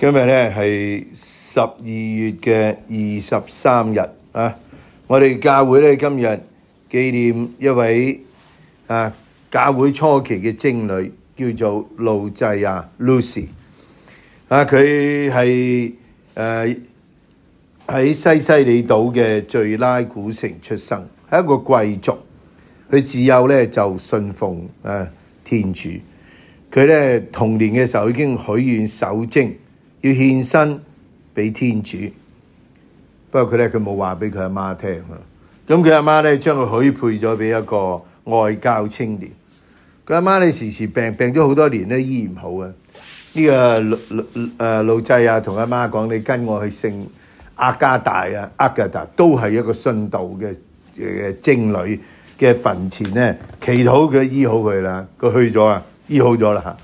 今日咧係十二月嘅二十三日啊！我哋教會咧今日紀念一位啊教會初期嘅貞女，叫做路濟亞 Lucy、啊。啊，佢係誒喺西西里島嘅敘拉古城出生，係一個貴族。佢自幼咧就信奉誒、啊、天主。佢咧童年嘅時候已經許願守貞。要獻身俾天主，不過佢咧佢冇話俾佢阿媽聽。咁佢阿媽咧將佢許配咗俾一個外教青年，佢阿媽咧時時病病咗好多年咧醫唔好、呢個呃、啊。呢個路路誒路濟啊同阿媽講，你跟我去聖阿加大啊，阿加大都係一個信道嘅嘅貞女嘅墳前咧祈禱，佢醫好佢啦，佢去咗啊醫好咗啦。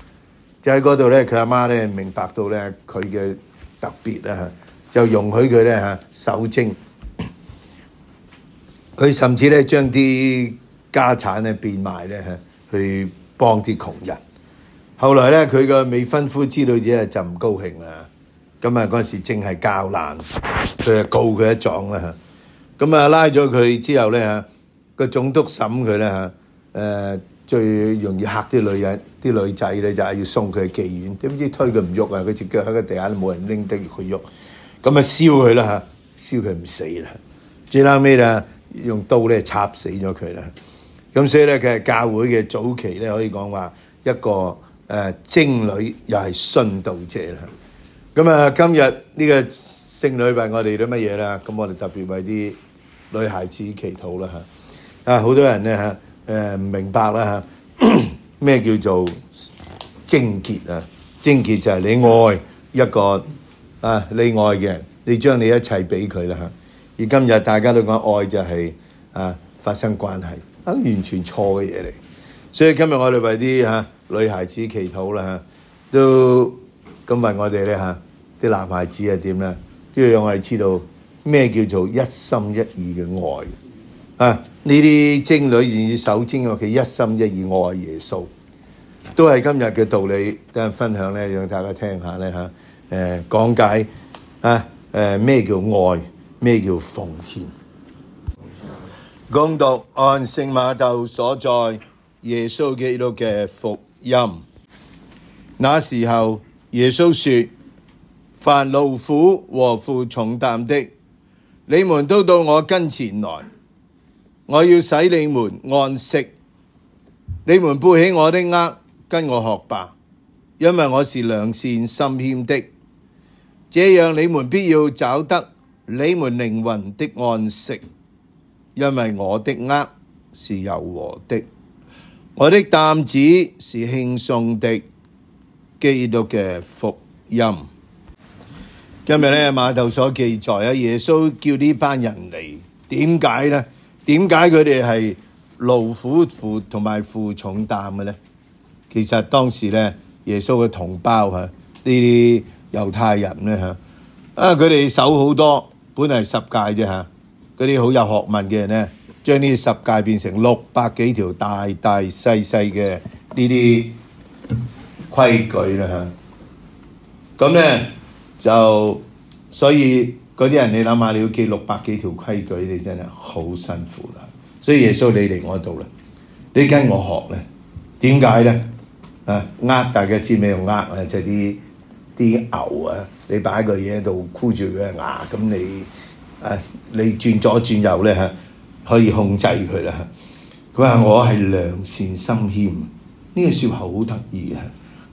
就喺嗰度咧，佢阿媽咧明白到咧佢嘅特別啦、啊，就容許佢咧嚇守貞。佢甚至咧將啲家產咧變賣咧嚇、啊、去幫啲窮人。後來咧佢個未婚夫知道者就唔高興啦。咁啊嗰陣、啊、時正係教難，佢就告佢一狀啦嚇。咁啊、啊拉咗佢之後咧嚇，個、啊、總督審佢咧嚇，誒、啊。啊最容易嚇啲女人、啲女仔咧，就係要送佢去妓院，點知推佢唔喐啊！佢隻腳喺個地下，冇人拎得住佢喐，咁啊燒佢啦嚇，燒佢唔死啦。最後尾啦，用刀咧插死咗佢啦。咁所以咧，佢係教會嘅早期咧，可以講話一個誒聖女又係殉道者啦。咁啊，今日呢個聖女為我哋啲乜嘢啦？咁我哋特別為啲女孩子祈禱啦嚇。啊，好多人咧嚇。誒唔明白啦嚇，咩叫做貞潔啊？貞潔就係你愛一個啊，你愛嘅人，你將你一切俾佢啦嚇。而今日大家都講愛就係啊發生關係，啊完全錯嘅嘢嚟。所以今日我哋為啲嚇女孩子祈禱啦嚇，都咁問我哋咧嚇，啲男孩子啊點咧？都要讓我哋知道咩叫做一心一意嘅愛。啊！呢啲貞女願意守貞嘅，佢一心一意愛耶穌，都係今日嘅道理。等分享咧，讓大家聽下咧吓。誒，講解啊，誒、呃，咩、啊呃、叫愛？咩叫奉獻？恭讀按聖馬竇所在耶穌基督嘅福音，那時候耶穌說：凡勞苦和負重擔的，你們都到我跟前來。我要使你們安息，你們背起我的軛跟我學吧，因為我是良善心謙的，這樣你們必要找得你們靈魂的安息，因為我的軛是柔和的，我的擔子是輕鬆的。基督嘅福音，嗯、今日呢，瑪竇所記載啊，耶穌叫呢班人嚟，點解呢？點解佢哋係勞苦負同埋負重擔嘅咧？其實當時咧，耶穌嘅同胞吓，呢啲猶太人咧吓，啊佢哋守好多本嚟十誡啫吓，嗰啲好有學問嘅人咧，將呢十誡變成六百幾條大大細細嘅呢啲規矩啦吓，咁啊咧就所以。嗰啲人，你諗下，你要記六百幾條規矩，你真係好辛苦啦。所以耶穌你嚟我度啦，你跟我學咧，點解咧？啊，呃大家知咩？用呃啊，即係啲啲牛啊，你擺個嘢喺度箍住佢嘅牙，咁、啊、你誒、啊，你轉左轉右咧吓、啊，可以控制佢啦。佢、啊、話我係良善心謙，呢句說話好得意啊。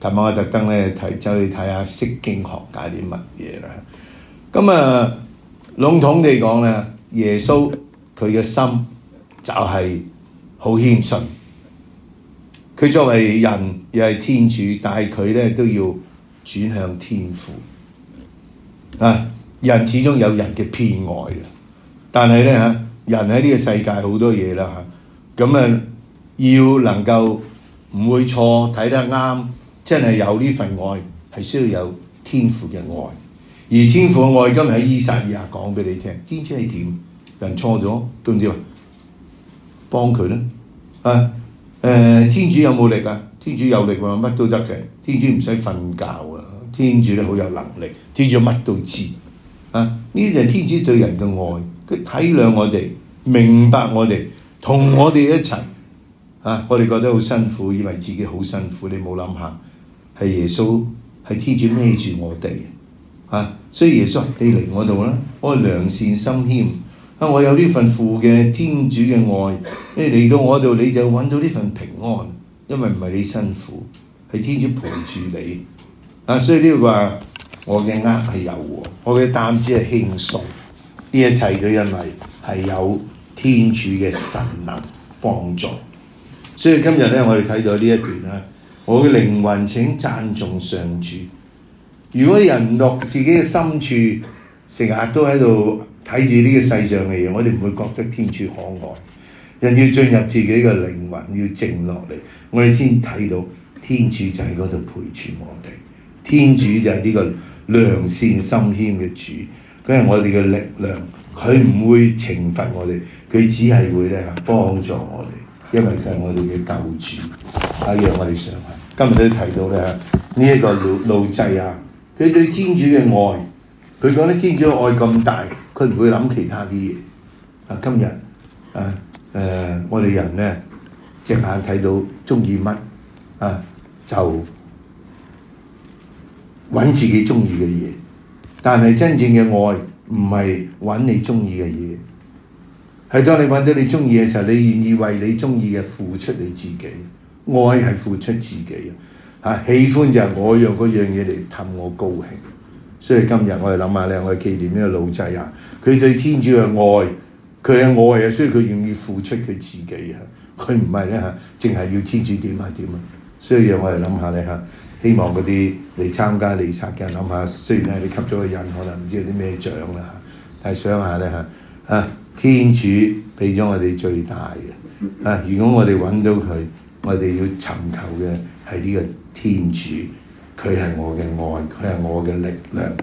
同埋我特登咧睇，走去睇下釋經學解啲乜嘢啦。咁啊，嗯、籠統地講呢，耶穌佢嘅心就係好謙遜。佢作為人又係天主，但係佢呢都要轉向天父。啊，人始終有人嘅偏愛，但係呢，人喺呢個世界好多嘢啦吓，咁啊要能夠唔會錯，睇得啱，真係有呢份愛，係需要有天父嘅愛。而天父嘅愛今日喺依撒意亞講畀你聽，「天主係點？人錯咗都唔知，幫佢啦。」啊！誒、呃，天主有冇力啊？天主有力喎、啊，乜都得嘅。天主唔使瞓覺啊！天主咧好有能力，天主乜都知啊！呢啲就係天主對人嘅愛，佢體諒我哋，明白我哋，同我哋一齊啊！我哋覺得好辛苦，以為自己好辛苦，你冇諗下，係耶穌，係天主孭住我哋。啊！所以耶穌，你嚟我度啦，我良善心謙啊！我有呢份父嘅天主嘅愛，你嚟到我度你就揾到呢份平安，因為唔係你辛苦，係天主陪住你。啊！所以呢個話，我嘅厄係柔和，我嘅擔子係輕鬆，呢一切都因為係有天主嘅神能幫助。所以今日呢，我哋睇到呢一段，我嘅靈魂請讚頌上主。如果人落自己嘅心處，成日都喺度睇住呢個世上嘅嘢，我哋唔會覺得天主可愛。人要進入自己嘅靈魂，要靜落嚟，我哋先睇到天主就喺嗰度陪住我哋。天主就係呢個良善心謙嘅主，佢係我哋嘅力量，佢唔會懲罰我哋，佢只係會咧幫助我哋，因為佢係我哋嘅救主。阿楊慧常啊，今日都提到咧，呢、這、一個路路濟啊～佢對天主嘅愛，佢講咧天主嘅愛咁大，佢唔會諗其他啲嘢。啊，今日，誒、啊、誒、呃，我哋人咧隻眼睇到中意乜，啊就揾自己中意嘅嘢。但係真正嘅愛唔係揾你中意嘅嘢，係當你揾到你中意嘅時候，你願意為你中意嘅付出你自己。愛係付出自己啊！嚇、啊！喜歡就係我用嗰樣嘢嚟氹我高興，所以今日我哋諗下咧，我哋紀念呢個老仔啊，佢對天主嘅愛，佢係愛啊，所以佢願意付出佢自己啊，佢唔係咧嚇，淨係要天主點啊點啊，所以讓我哋諗下咧嚇，希望嗰啲嚟參加彌撒嘅諗下，雖然係你吸咗個人，可能唔知有啲咩獎啦嚇，但係想下咧嚇，啊天主俾咗我哋最大嘅，啊如果我哋揾到佢，我哋要尋求嘅。係呢個天主，佢係我嘅愛，佢係我嘅力量。